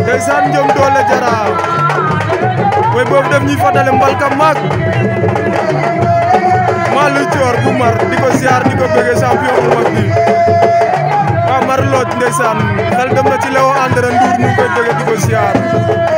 Ndeysaan Ndiome Dollé Jaraaf way boobu def ñuy fàttali mbal mag ko bëggee champion ndeysaan xel dem ci Léo André Ndour ñu ngi bëggee di ko